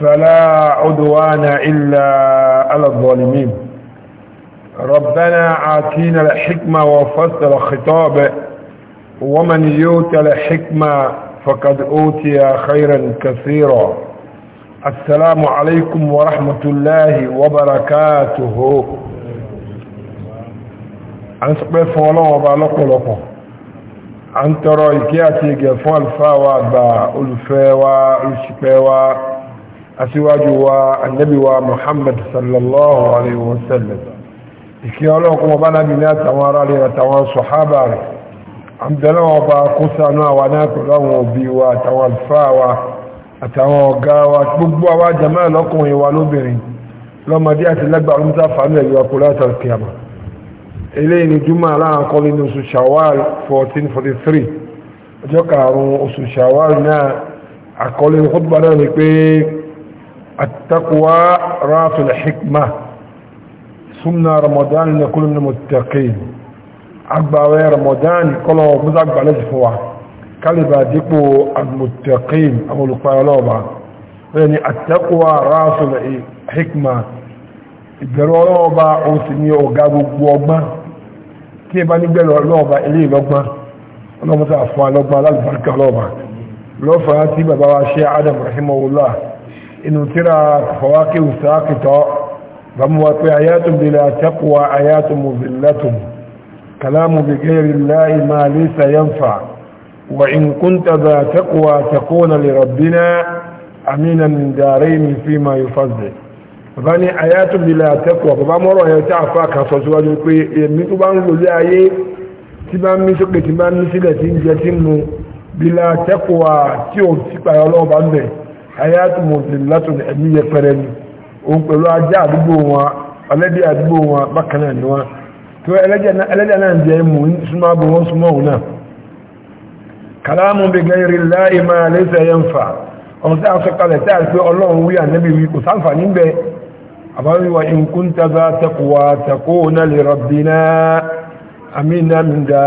فلا عدوان إلا على الظالمين ربنا آتينا الحكمة وفصل الخطاب ومن يوت الحكمة فقد أوتي خيرا كثيرا السلام عليكم ورحمة الله وبركاته أنا سأقف الله وبالك لكم أنت رأيك يأتيك فالفاوة با الفاوة aṣíwájú wa annabi wa muhammad sallallahu alaihi wasallam ìkí ọlọ́kùn ọba náà ní àtàwọn ará rẹ̀ àtàwọn sọ̀hábà rẹ̀ àmdẹ́lẹ́ ọba kó sánú àwa náà pẹ̀lú àwọn òbí wa àtàwọn alfáà wa àtàwọn ọ̀gá wa gbogbo àwa jama lọ́kùnrin wa lóbìnrin lọ́mọdé àti lẹ́gbàá lóúnjẹ àfààní ẹ̀yọ ọkùnrin àti alkiyama eléyìí ni júmọ̀ aláàkọ́ nínú oṣù shawal 1443 ọjọ́ karùn-ún oṣù shawal náà àkọlé khutba náà ni pé التقوى راس الحكمة سنة رمضان لكل المتقين أقبى رمضان قالوا مزعب على جفوة كلمة ديكو المتقين أو القيلوبة يعني التقوى راس الحكمة ìbẹ̀rù ọlọ́ọ̀ba òun sì ni ọ̀gá gbogbo ọgbọ́n tí ẹ bá nígbẹ̀rù ọlọ́ọ̀ba ilé ìlọ́gbọ́n ọlọ́mọta àfọ́ alọ́gbọ́n alálùbáríkà ọlọ́ọ̀ba lọ́fàá tí bàbá wa ṣe Adam rahimahullah inú tíra fọwákí ìsáàkìtọ́ gbàmúwa pé ayatun bila taqwa ayatun muzillatun kalamu bi ghairi llahi ma laysa yanfa wa in kunta za taqwa takuna li rabbina amina min darain fima yufazzil bàbá ní ayatun bila taqwa bàbá mọ́rọ̀ yẹn tí a fa kan sọ síwájú pé èmi tó bá ń lò lé ayé tí bá ń mí sókè tí bá ń mí sílẹ̀ tí mu bila taqwa tí ò sí pàyọ́ lọ́wọ́ bá ń hayatu mọ̀tìlátò ẹ̀mí yẹpẹrẹ ni òun pẹ̀lú ajá àdúgbò wọn ọlẹ́dẹ̀ àdúgbò wọn bákan náà ni wọn tó ẹlẹ́dẹ̀ náà jẹ́ mú súnmọ́ bó wọ́n súnmọ́ òun náà kàlámù bí gẹ́rì láì máa lẹ́sẹ̀ yẹn fà ọ̀n tí a sọ kalẹ̀ tí a pé ọlọ́run wí ànẹ́bí wí kò sáǹfà níbẹ̀ àbáwíwá ìkúntàbá tẹkùwà tẹkù náà lè rọ̀bìnà náà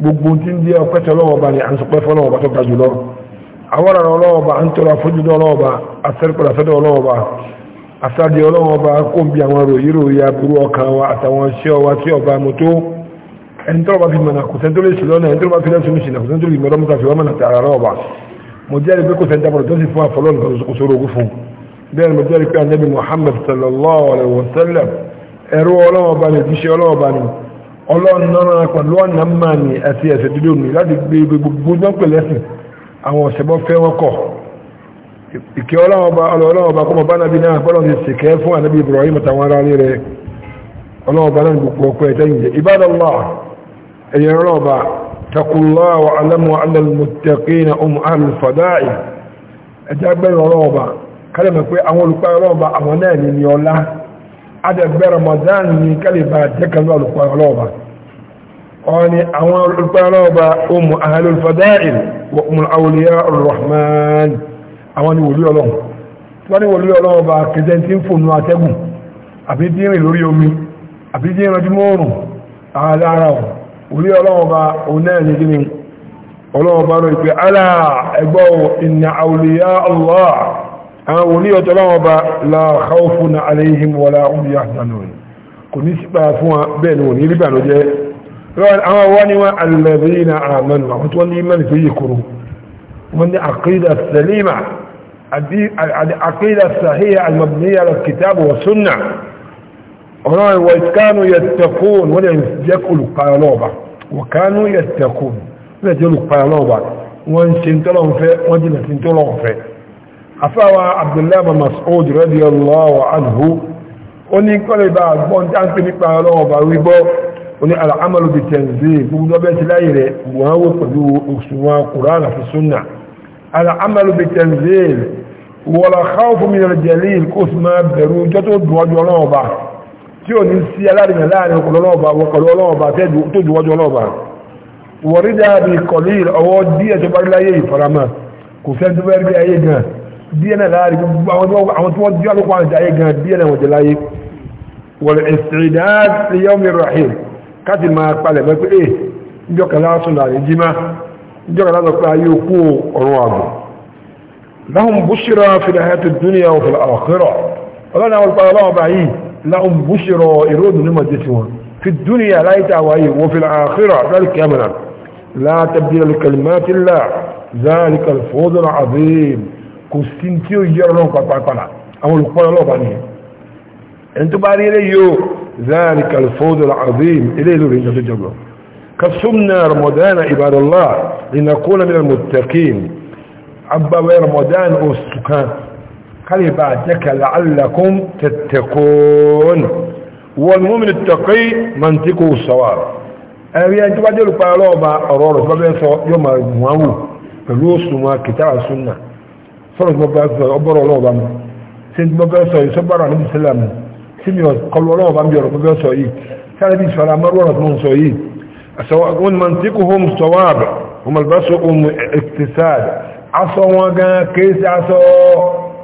gbogbo tí ń di ọpẹ́ tẹ lọ́wọ́ bá ní à ń sọpẹ́ fọ́ lọ́wọ́ bá tó ga jùlọ àwọn ọ̀rọ̀ ọlọ́wọ́ bá ń tọrọ àfojúdọ́ ọlọ́wọ́ bá asẹ́rẹ́pẹ̀lẹ̀ afẹ́dọ́ ọlọ́wọ́ bá asáde ọlọ́wọ́ bá kó ń bi àwọn ròyìn ròyìn aburú ọkàn wa àtàwọn iṣẹ́ ọwa tí ọba mo tó ẹni tọrọ bá fi mọ̀nà kò sẹ́ńtó lè ṣì lọ́nà ẹni tọrọ bá fi lẹ́sùn mi ṣìnà kò sẹ́ńtó lè mọ̀nà mọ̀ta fi wọ́n mọ̀nà tààrà rọ̀ bá mo jẹ́rìí pé kò sẹ́ńtó bọ̀rọ̀ tó sì fún àfọlọ́ nǹkan kò sọ̀rọ̀ ogun fún bẹ́ẹ̀ mo jẹ́rìí pé anabi Muhammad sallallahu alaihi wa sallam ẹ̀rọ ọlọ́wọ́ bá ní ìdíṣẹ́ ọlọ́wọ́ bá ní ọlọ́run náà pẹ̀lú ọ̀nà máa ní ẹ̀sìn ẹ̀sẹ̀ dídò mi láti gbé gbogbo gbọ́n pẹ̀lẹ́sìn àwọn ọ̀sẹ̀bọ́ fẹ́ wọ́n kọ̀ ìkẹ́ ọlọ́run ọba kọ́mọ bá nàbí náà bọ́lọ̀ ti sèkẹ́ fún ànábì Ibrahim àtàwọn ará ọlọ́run ọba náà gbogbo ọkọ̀ ẹ̀tẹ́ al fada'i mọ̀ náà adẹ̀gbẹ́ Ramadan ní kálíbà jẹ́kàlú alùpàrọ̀lọ́ọ̀bà ọni àwọn alùpàrọ̀lọ́ọ̀bà umu ahlul fada'il wa umu awliya ar-rahman àwọn ni wòlú ọlọ́run tí wọ́n ni wòlú ọlọ́run bá kẹjẹ́ tí ń fònú atẹ́gùn àbí tí ń rìn lórí omi àbí tí ń rọjú mọ́ọ̀rùn àádára ọ̀ wòlú bá òun náà ní gíní ọlọ́run bá rọ ìpè alá ẹgbọ́ ìnà awliya Allah àwọn oníyọ̀tọ̀ láwọn ọba la khawfun alayhim wala hum yahzanun kò ní sípa fún wa bẹ́ẹ̀ ni wọ́n ní rí bàlọ́jẹ́ àwọn wá ní wọn alladhina amanu àwọn tí wọ́n ní mẹ́rin tó yẹ kúrò wọ́n ní aqida salima aqida sahiha al-mabniya ala al-kitab wa sunnah ọ̀rọ̀ wa kánú yattaqun wọ́n yẹn jẹ́ olùpayọ̀ lọ́ọ̀bà wa kánú yattaqun wọ́n yẹn jẹ́ olùpayọ̀ lọ́ọ̀bà wọ́n ń ṣe ń tọ́lọ́ afáwa abdullahi masoud radiyallahu anhu ó ní kọ́lẹ̀ bá gbọ́n tí a ń pè nípa ọlọ́wọ́ bá wí gbọ́ ó ní al'amalu bi tanzil gbogbo ọbẹ̀ ti láyé rẹ̀ wọ́n wó pẹ̀lú òṣùwọ̀n quran àti sunna al'amalu bi tanzil wala khawfun min al-jalil kó sì máa bẹ̀rù jọ́ tó dùn ọjọ́ ọlọ́wọ́ bá tí ò ní sí alárìnà láàrin ọkọ̀lọ́ دينا لاري وجعل قوان جايقا دينا والاستعداد ليوم الرحيم كاتي ما يقبل ما يقول ايه جوك لا صلى الله جيما لهم بشرة في الحياة الدنيا وفي الآخرة الله لك الله بعيد لهم بشرى يرد لما جسوان في الدنيا لا يتعوي وفي الآخرة ذلك يمنا لا تبديل لكلمات الله ذلك الفوز العظيم kò sí tí ó yẹ ọlọ́run pàpàpàlà àwọn olùkọ́ ọlọ́ọ̀bá nìyẹn ẹni tó bá rí eré yóò zaari kalifóòdù azim ilé ìlú rẹ̀ ìjọba jọba kasumna ramadan ibadallah linakuna min almuttaqin abbawe ramadan oṣù kan kálí bá jẹ́ ka la'allakum tattaqun wal mu'min attaqi mantiqu sawab ẹ̀rí ẹni tó bá jẹ́ olùkọ́ ọlọ́ọ̀bá ọ̀rọ̀ rẹ̀ tó bá bẹ́ sọ yóò máa wù pẹ̀lú òṣùwọ̀n kìtàrà sunnah sọ̀rọ̀ tí mo bá sọ ọgbọ́rọ̀ ọlọ́ọ̀bá mi tí mo bá sọ yìí sọ́gbọ́rọ̀ àníbi sílẹ̀ mi tí mi kọlu ọlọ́ọ̀bá mi ọ̀rọ̀ mo bá sọ yìí sáré bí ìfara mọ́rọ̀ tí mo sọ yìí wọn man tí kò hó mu sọ̀wọ́ àbẹ̀ wọn mọ̀ bá sọ ohun ẹ̀kìtìsáàd aṣọ wọn gan kéé aṣọ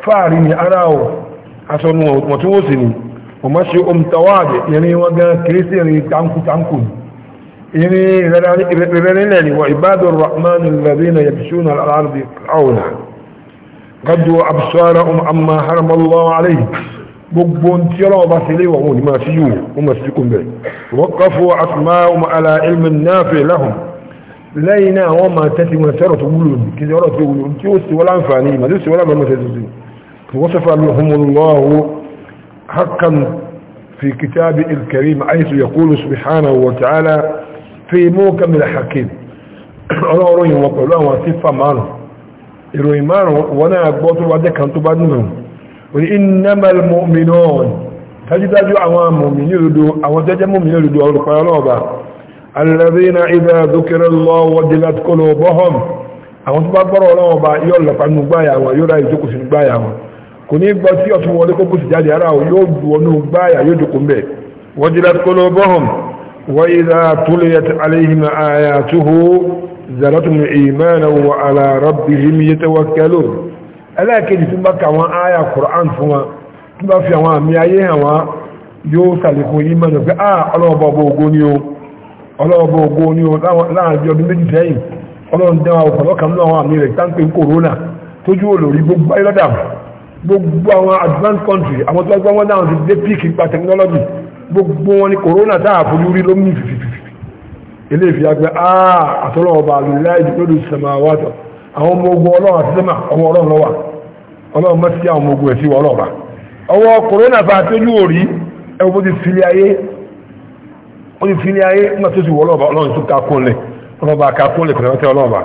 fáàrí ni ara o aṣọ nu wọn tí wọ́n sì ni wọn mọ̀ ṣe ohun tọwọ́ àbẹ̀ ìrìn wọn gan kéé sí ìrìn tanku tanku ìrìn ìrẹ́lẹ́lẹ́ ni wọ́n ibadu rahman alladhina yabshuna al-ardi qawlan قدوا أبصارهم عما حرم الله عليهم بقبون ترى وباسلي وهم ما سيوه وما سيكون به وقفوا أسماءهم على علم النافع لهم لينا وما تتم سرة قلوب كذا رأت قلوب توس ولا أنفاني ما توس ولا ما تتزين وصف لهم الله حقا في كتاب الكريم حيث يقول سبحانه وتعالى في موكم الحكيم أنا أرون يوقع لهم وصفة معنا ìròyìn márùn-ún wọ́n náà gbọ́ tó bá jẹ́ kan tó bá nù òní innamal mu'minun dájúdájú àwọn mọ̀mìnì òdodo àwọn jẹ́jẹ́ mọ̀mìnì òdodo olùpàá ọlọ́ọ̀bà alladhina idha dhukira Allahu wajilat qulubuhum àwọn tó bá gbọ́rọ̀ ọlọ́ọ̀bà yóò lọ́pàá nù gbáyà wọn yóò ráyè jókòó sínú gbáyà wọn kò ní gbọ́ tí zaratun imana wa ala rabbihim yatawakkalun ẹlẹ́ẹ̀kejì tún bá ka wọn aya Qur'an fún wa tún bá fi àwọn àmì ayé hàn wá yóò sàlẹ̀kùn imanu pé a ọlọ́ọ̀bọ̀ ogo ni o ọlọ́ọ̀bọ̀ ogo ni o láàrin ọdún méjì sẹ́yìn ọlọ́run dẹ́wà ọ̀pọ̀lọ́kà nínú àwọn àmì rẹ̀ táǹpé ni ilé ìfi àgbẹ̀ àà ah, àtọ́lọ́ọ̀bà lùláìjì lórí ìsẹ̀máwàtọ̀ àwọn ọmọ ogun ọlọ́run àti sẹ́mà ọmọ ọlọ́run lọ́wà ọlọ́run mọ́ sí àwọn ọmọ ogun ẹ̀sí ọlọ́ọ̀bà ọwọ́ kòrónà bá tójú òrí ẹwọ́ ti fi ilé ayé ó ti fi ilé ayé ń tó sì wọ́lọ́ọ̀bà ọlọ́run tó kakúnlẹ̀ ọlọ́ba kakúnlẹ̀ kòrónà ọlọ́ọ̀bà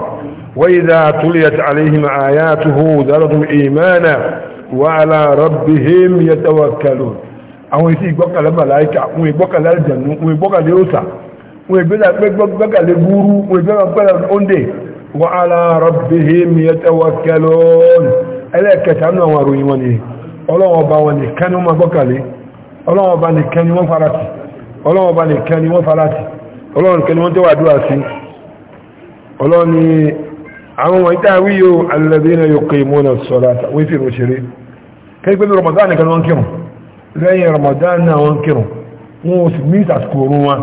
وإذا تليت عليهم آياته زادتهم إيمانا وعلى ربهم يتوكلون àwọn ìsí ìgbọ́kànlẹ̀ màláìkà òun ìgbọ́kànlẹ̀ àjẹ̀nú òun ìgbọ́kànlẹ̀ òsà wọ́n gbẹ́gbẹ́gbẹ́gbẹ́gbẹ́gbẹ́ búrú wọ́n gbẹ́gbẹ́gbẹ́gbẹ́ oúnjẹ wa ala rabbihim yatawakkalun ẹlẹ́ẹ̀kẹta nínú àwọn àròyìn wọn ni ọlọ́wọ́ ọba wọn nìkan ni wọ́n máa gbọ́kàlé ọlọ́wọ́ ọba nìkan ni wọ́n farati ọlọ́wọ́ ọba nìkan ni wọ́n farati ọlọ́wọ́ nìkan ni wọ́n tẹ́wà dúrà sí ọlọ́wọ́ ni àwọn wọ̀nyí tá a wí yóò alladhina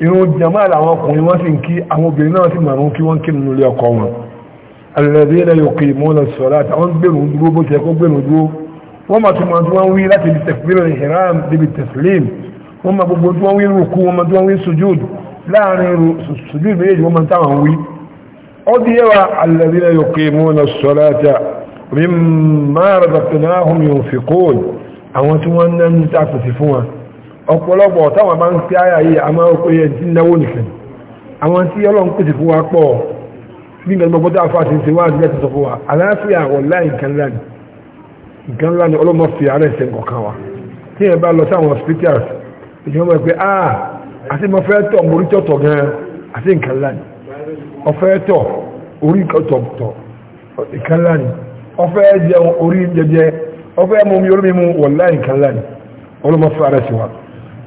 irun jama làwọn ọkùnrin wọ́n sì ń kí àwọn obìnrin náà sì màrún kí wọ́n kí nínú ilé ọkọ wọn alẹ́bí ilẹ̀ yòókè ìmọ̀lá sọ̀rọ̀ àtàwọn gbèrún dúró bó ṣe kó gbèrún dúró wọ́n máa tún máa tún wọ́n wí láti ibi tẹ̀sílẹ̀ ìhìrán débi tẹ̀sílẹ̀m wọ́n máa gbogbo tí wọ́n wí rúkú wọ́n máa tún wọ́n wí sujúd láàrin sujúd méjèèjì wọ́n máa táwọn wí. ó di yẹwa alẹ́bí ilẹ̀ yòókè ìmọ̀lá sọ̀rọ̀ àtà mímú máa rẹ̀ bàtẹ̀ náà hùm yóò fi kóòlù àwọn tí wọ́n ń ná ní tàkùtì fún wọn ọ̀pọ̀lọpọ̀ táwọn bá ń fi àyà yìí a máa ń pè é tí náwó nìkan àwọn tí ọlọ́run pèsè fún wa pọ̀ bí nǹkan gbogbo dáa fàṣẹ ṣe wá àdúgbò tó fún wa àlàáfíà wọ̀lá nǹkan lánì nǹkan lánì ṣe nǹkan ah àti mo fẹ́ tọ̀ mo rí tọ̀tọ̀ gan àti nǹkan lánì ọfẹ́ tọ̀ orí tọ̀tọ̀ nǹkan lánì ọfẹ́ jẹun orí jẹjẹ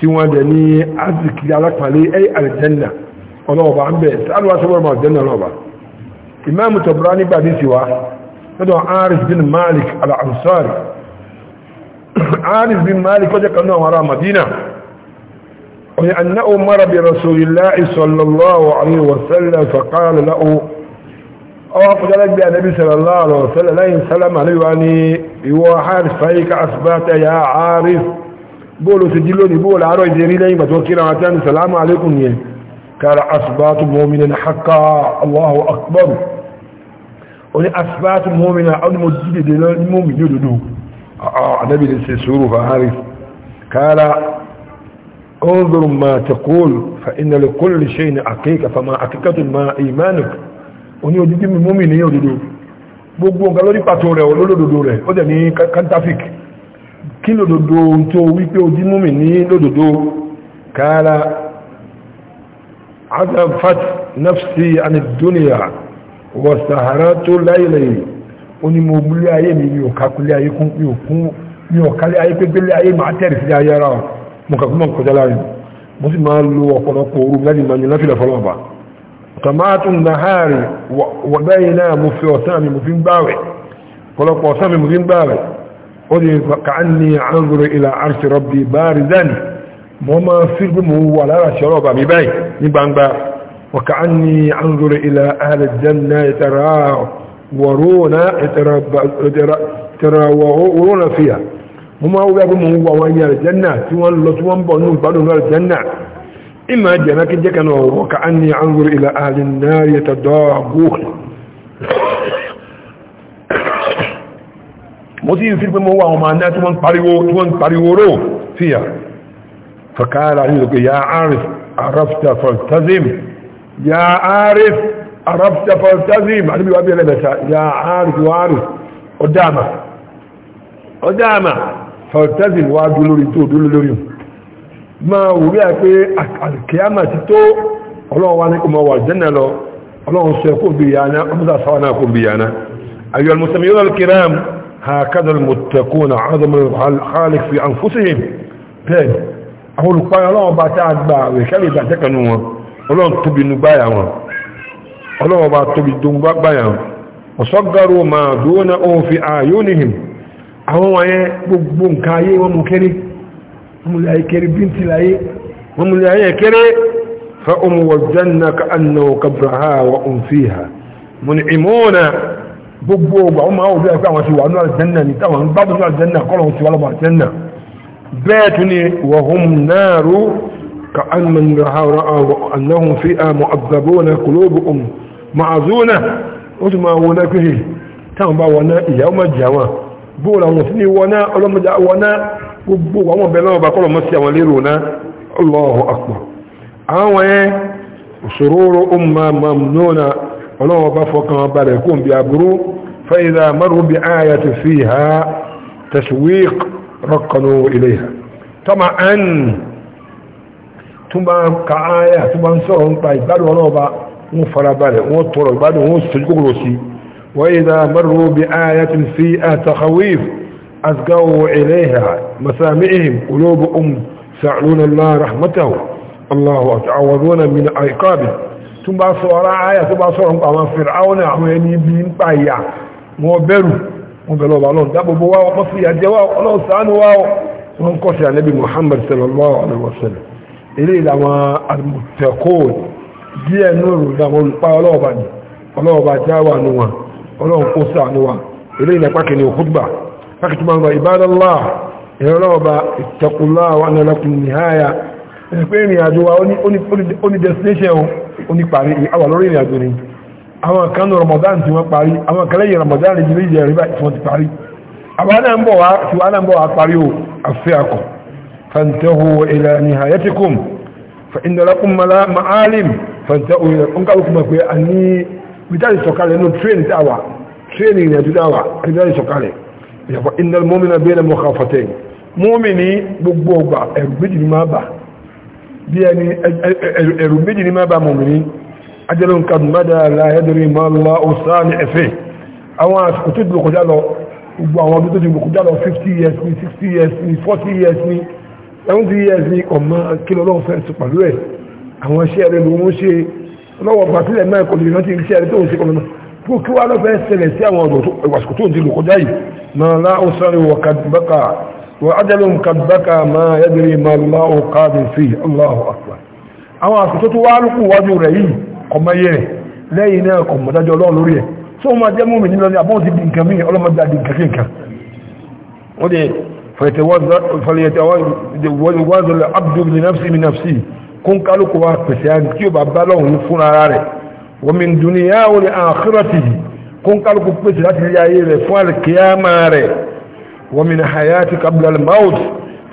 tí wọ́n jẹ ní azikí alápàlẹ́ ẹ́ aljanna ọlọ́ọ̀bá ń bẹ̀ tí alùwà sọ́wọ́rọ̀ aljanna ọlọ́ọ̀bá imáàmù tọ̀bọ̀rọ̀ nígbà ní tiwa lọ́dọ̀ aris bin malik al-ansari aris bin malik ọjọ́ kan náà ará madina ọ̀yẹ́ anna umar bí rasulillahi sallallahu alaihi wasallam faqala lahu ọwọ́ fúnjẹ́lẹ́gbẹ́ anabi sallallahu alaihi wasallam lẹ́yìn salama lẹ́yìn wa ni ìwọ aris fayika asibata ya aris bóòlù sí jí lónìí bóòlù àárọ̀ ìdí rí lẹ́yìn bàtọ́ kíra àti àni sàlámù alékùn yẹn kára asibátu mọ́mìnà ní haka Allahu akbar o ní asibátu mọ́mìnà ọdúnmọ̀ jídèdè lọ́ní mọ́mìnà òdòdó àdábì ما تقول فإن لكل شيء عقيقة فما عقيقة ما إيمانك oní ojúdí mímúmì ní òdòdó gbogbo nǹkan lórí pàtó rẹ̀ olódòdó rẹ̀ ó dẹ̀ ní kántáfíkì kí lòdòdó tó wípé ojú múmi ní lòdòdó kára adafat nafsi anidoniya wọ sahara tó láìlẹ̀ ó ní mo múlé ayé mi mi ò kákulé ayé kún mi ò kún mi ò kálé ayé pépélé ayé máa tẹ̀rì sí ayé ara mo kàkúmọ̀ kọjá láàrin mo sì máa lo ọ̀pọ̀lọpọ̀ orú láti máa yẹn láfílẹ̀ fọlọ́ọ̀bà tọmátù nàhárì wọ̀bẹ́yìn náà mo fi ọ̀sán mi mo fi ń gbáwẹ̀ قولي فكعني أنظر إلى عرش ربي باردا وما في المهم ولا شراب بباي نبانبا وكعني أنظر إلى أهل الجنة ترى ورونا ترى ورونا فيها وما هو بهم هو وين الجنة تون لتون بنون بنون الجنة إما الجنة كجكنا وكعني أنظر إلى أهل النار يتداغون mo ti fi pé mo wà àwọn máa tí wọ́n pariwo tí wọ́n pariwo ró fíyà fàkàrà ní ìlúkè ya arif arafta faltazim ya arif arafta faltazim àdúgbò wà bí ẹlẹ́bẹ̀ta ya arif wa arif ọdáàmà ọdáàmà faltazim wá dúró lórí tó dúró lórí máa wùrí à pé àkíyàmà ti tó ọlọ́run wá ní kò mọ̀ wà jẹ́nà lọ ọlọ́run sọ ẹ̀kọ́ bìyànà ọmọdé àsáwà náà kò bìyànà ayọ̀ al-muslimiyun al-kiram هكذا المتقون عظم الخالق في أنفسهم تاني أقول قال الله باتعاد باع ويكالي باتك نور الله انتبه نبايا الله باتبه دنبا بايا وصغروا ما دونه في آيونهم أهو أي بقبون كاي ومكري هم لا يكري بنت لا ي هم لا يكري فأم وزنك أنه كبرها وأم فيها منعمونا gbogbo ọgbà ọmọ àwọn ń ẹgbẹ́ àwọn ti wà ní àlùjẹ́nà ní táwọn ń gbádùn ní àlùjẹ́nà kọ́ lọ́wọ́ ti wà lọ́wọ́ àlùjẹ́nà bẹ́ẹ̀ tún ni alujena ni tawon gbagbo gbadun ni alujena kolo lowo ti wa lowo alujena rú ka an anáhùn fi àmọ́ àgbàbọ́nà kòlóòbù ọmọ ma'azuna ó ti máa wọná pé táwọn bá wọ́n náà ìyàwó máa jẹ àwọn bóòlù àwọn sí ni wọná ọlọ́mọdé wọná gbogbo àwọn ọbẹ̀ lọ́wọ́ bá kọ́lọ̀ mọ́ ولو بفقنا بريكم بأبرو فإذا مروا بآية فيها تشويق رقنوا إليها طبعا أن تبا كآية ثم نصرهم طيب بل ولو بفر بري وطر بري وطر وإذا مروا بآية فيها تخويف أزقوا إليها مسامعهم قلوبهم أم سعلون الله رحمته الله أتعوذون من عقابه tún bá sọ ọ̀rá ayà tó bá sọ̀rọ̀ nípa àwọn fìràwọn àwọn ẹni bí ń pa ìyà wọn bẹ̀rù wọn bẹ̀rù ọba lọ́n dábòbò wá wọn fi ìyà jẹ wá ọlọ́run ṣàánú wá wọn kọ́ sí ànábì muhammad sallallahu alaihi wa sallam ilé ìlànà àmùtẹ̀kọ́ọ̀n destination ó ní parí àwà lórí ìrìn àjò ni àwọn kan ní Ramadan tí wọ́n parí àwọn kan lẹ́yìn Ramadan ní ilé ìjẹ́ ìrìbá ìfọ́n ti parí àwọn anáàbọ̀ wá tí wọ́n anáàbọ̀ wá parí o àfẹ́ akọ̀ fantahu ila nihayatikum fa inna lakum ma'alim fantahu ila nkàlùkù mọ̀ pé a ní bíjáde gbogbo ọgbà ẹ̀rù méjì máa bà bí ẹni ẹ̀rù méjì ní mẹ́bà mọ̀mìnì ajẹ́lùn kàdùmọ́dà láyẹ́dìrí mọ́lá òsáàlì ẹ̀fẹ́ àwọn àsìkò tó dìbò kọjá àwọn ọdún tó dìbò kọjá lọ 50 years ni 60 years ni 40 years ni 70 years ni ọmọ kílọ̀ lọ́wọ́ fẹ́ sí pàlú ẹ̀ àwọn iṣẹ́ rẹ̀ ló ń ṣe lọ́wọ́ bàtílẹ̀ náà kò lè rántí iṣẹ́ rẹ̀ tó ń ṣe kọ́nà fún kí wá lọ́fẹ́ ṣẹlẹ̀ sí وعدل قد بكى ما يدري ما الله قاد فيه الله أكبر àwọn àsìkò tó wá lùkù wájú rẹ̀ yìí ọmọ yẹ rẹ̀ lẹ́yìn náà kò mọ̀ dájọ́ ọlọ́run lórí ẹ̀ tó máa jẹ́ múmi nílọ ní àbọ́n ti di nǹkan mí ọlọ́mọdé àdì nǹkan kíǹkan wọ́n dẹ̀ fẹ̀yẹ̀tẹ̀wọ́dọ̀lẹ̀ abdul nafsi mi nafsi kún kálùkù wa pèsè àti tí ó bá bá lọ́hùn fún ara rẹ̀ wọ́n mi dùn ní yáwó ní àkírọ̀tì kún kálùkù pèsè láti ilé ayé rẹ̀ fún àlùkìyàmá rẹ̀ ومن حياتك قبل الموت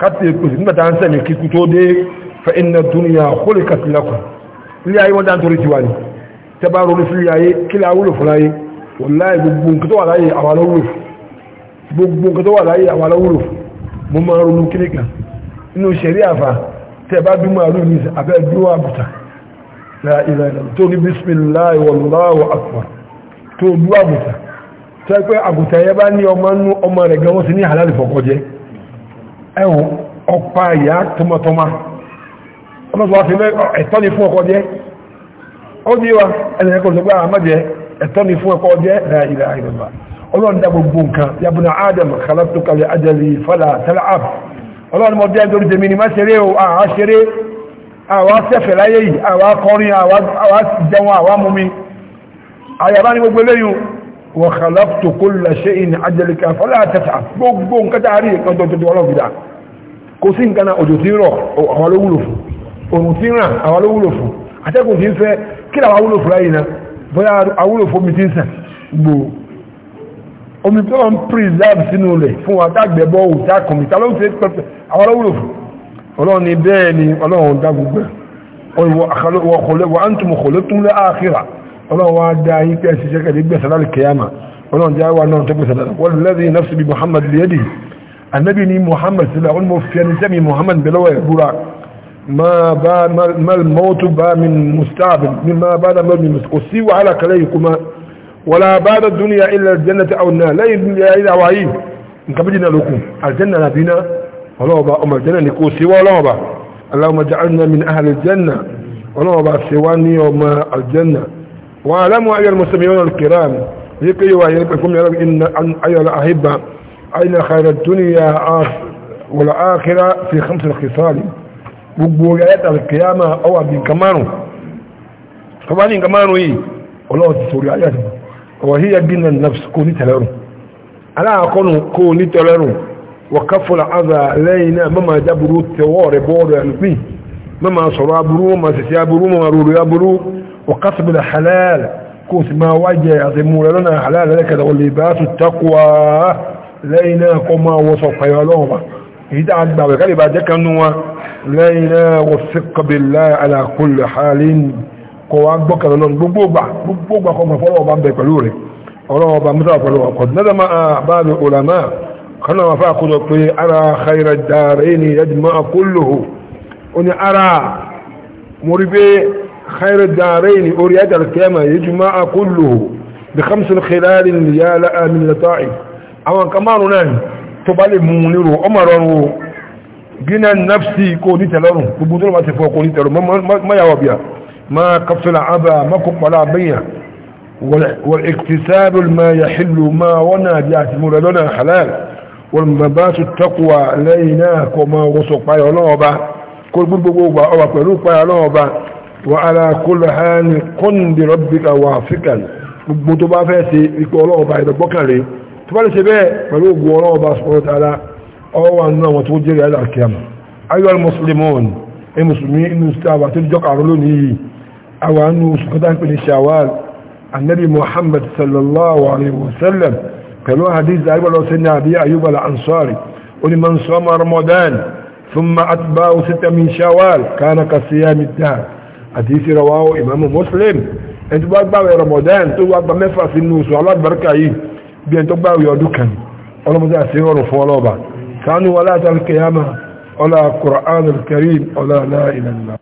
قد كنت تنسى من كتودي فإن الدنيا خلقت لكم ilé ayé wọ́n dá nítorí ti wà ní tẹbá ronú sí ilé ayé kí láà wúlò fún láyé wọláyé gbogbo nǹkan tó wà láyé àwa ló wúlò gbogbo nǹkan tó wà láyé àwa ló wúlò mo máa ronú kíníkà inú ṣẹ̀rí àfà tẹbá bí tẹ́ pé àgùntàn yẹn bá ní ọmọ nú ọmọ rẹ̀ gan wọ́n sì ní halal fọ́kọ́ jẹ́ ẹ̀wọ̀n ọpa ìyá tọmọtọmọ ọlọ́sọ̀ wá sí ẹ̀tọ́ ni fún ọkọ jẹ́ ó ní wa ẹ̀lẹ́yìn ah, ẹ̀tọ́ ni fún ọkọ jẹ́ ìlà ìrọ̀lá àyàbá ni gbogbo eléyìí وخلقت كل شيء عجلك فلا تتعب gbogbo nǹkan taari kan tó tó Ọlọ́run bida kò sí nǹkan òjò tí rọ̀ àwọn ló wúlò fún orun tí ràn àwọn ló wúlò fún atẹ́kùn tí ń fẹ́ kí làwọn wúlò fún láyìí náà bóyá awúlò fún omi tí ń sàn gbò omi tó wọ́n preserve sínú rẹ̀ fún wa dágbẹ̀ bọ́ òun tá kùnmí tá ló ń ṣe pẹ́pẹ́ àwọn ló wúlò fún Ọlọ́run ni bẹ́ẹ̀ ni Ọlọ́run dá gbogbo ẹ̀ wọ́n kọ̀lẹ́wọ̀ á ń tún mọ̀ kọ̀lẹ́tún lẹ́ ọlọ́run wá dá yí pé ẹ̀sì ṣẹ́kẹ̀ lè gbẹ̀sẹ̀ láti kìyàmà ọlọ́run já wà náà tó gbẹ̀sẹ̀ láti wọ́n lẹ́dí nafsi bí muhammad lèdì annabi ni muhammad sílá wọn mo fi ẹni sẹ́mi muhammad bẹ̀lọ́wọ̀ ẹ̀ búra mal mọ́tò bá mi mustaabin mi máa bá dàmọ́ mi kò sí wàhálà kalẹ̀ yìí kuma wàlá bá da duniya ilẹ̀ jannati àwọn náà lẹ́yìn duniya ilẹ̀ àwa yìí nǹkan bí jìnnà lókun aljanna na bina ọlọ́wọ́ ba ọmọ jẹ́nà ni kò sí wọ́n ọlọ́wọ́ ba allahumma ja'alna min ahli aljanna ọlọ́wọ́ ba ṣe wá ní ọmọ aljanna واعلموا أيها المستمعون الكرام ذكري وإليكم يا رب إن أيها الأحبة أين خير الدنيا والآخرة في خمس الخصال بقبوغايات القيامة أو أبين كمانو طبعا إن كمانو إيه والله تسوري آياته وهي بين النفس كوني تلارو ألا أكون كوني تلارو وكفل عذا لينا مما جبرو التواري بوري أنفيه مما صرا برو ما سيا برو ما رولو يا برو وقسم الحلال كوث ما وجه يظمو لنا حلال لك ذو اللباس التقوى ليناكما وصف يالوما هيدا عن باب الغالب عندك أنه لينا وثق بالله على كل حال قوان بك ذلك ببوبا ببوبا كما فلوه بان بيكالوري الله بان مثلا قد ندم بعض العلماء كان وفاقه على خير الدارين يجمع كله oni ara moribe khairu darain uriyat al-qiyamah yajma'a kulluhu bi khams al-khilal ya la min lata'i àwọn kamarun nan tó bá lè mú ni ro o ma rorun gina nafsi ko ni telorun gbogbo tó ma ṣe fo ko ni telorun ma ya wabia ma kafsala aba ma ko pala biya والاكتساب ما يحل ما ونا جات مولدنا حلال والمبات التقوى ليناك وما وسق يا الله قل بقوة وقلوب فعلوبة وعلى كل حال قن بربك وافقا متبا فاتي يقولوا بعد بكري تبالي سبي قلوب ولوبة سبحانه وتعالى أو أنه وتوجري على القيامة أيها المسلمون المسلمين نستعبع ترجق عرلوني أو أنه سبحانه في الشوال النبي محمد صلى الله عليه وسلم قالوا حديث أيوة لو سنة أبي أيوب الأنصاري ولمن صام رمضان ثم أتباع ستة من شوال كان كصيام الدهر حديث رواه إمام مسلم أنت بقى رمضان تو بقى مفع في النوس وعلى البركة إيه بأن تبقى يودوكا ولا مزع سيور فولوبا كانوا ولا القيامة ولا القرآن الكريم ولا لا إله إلا الله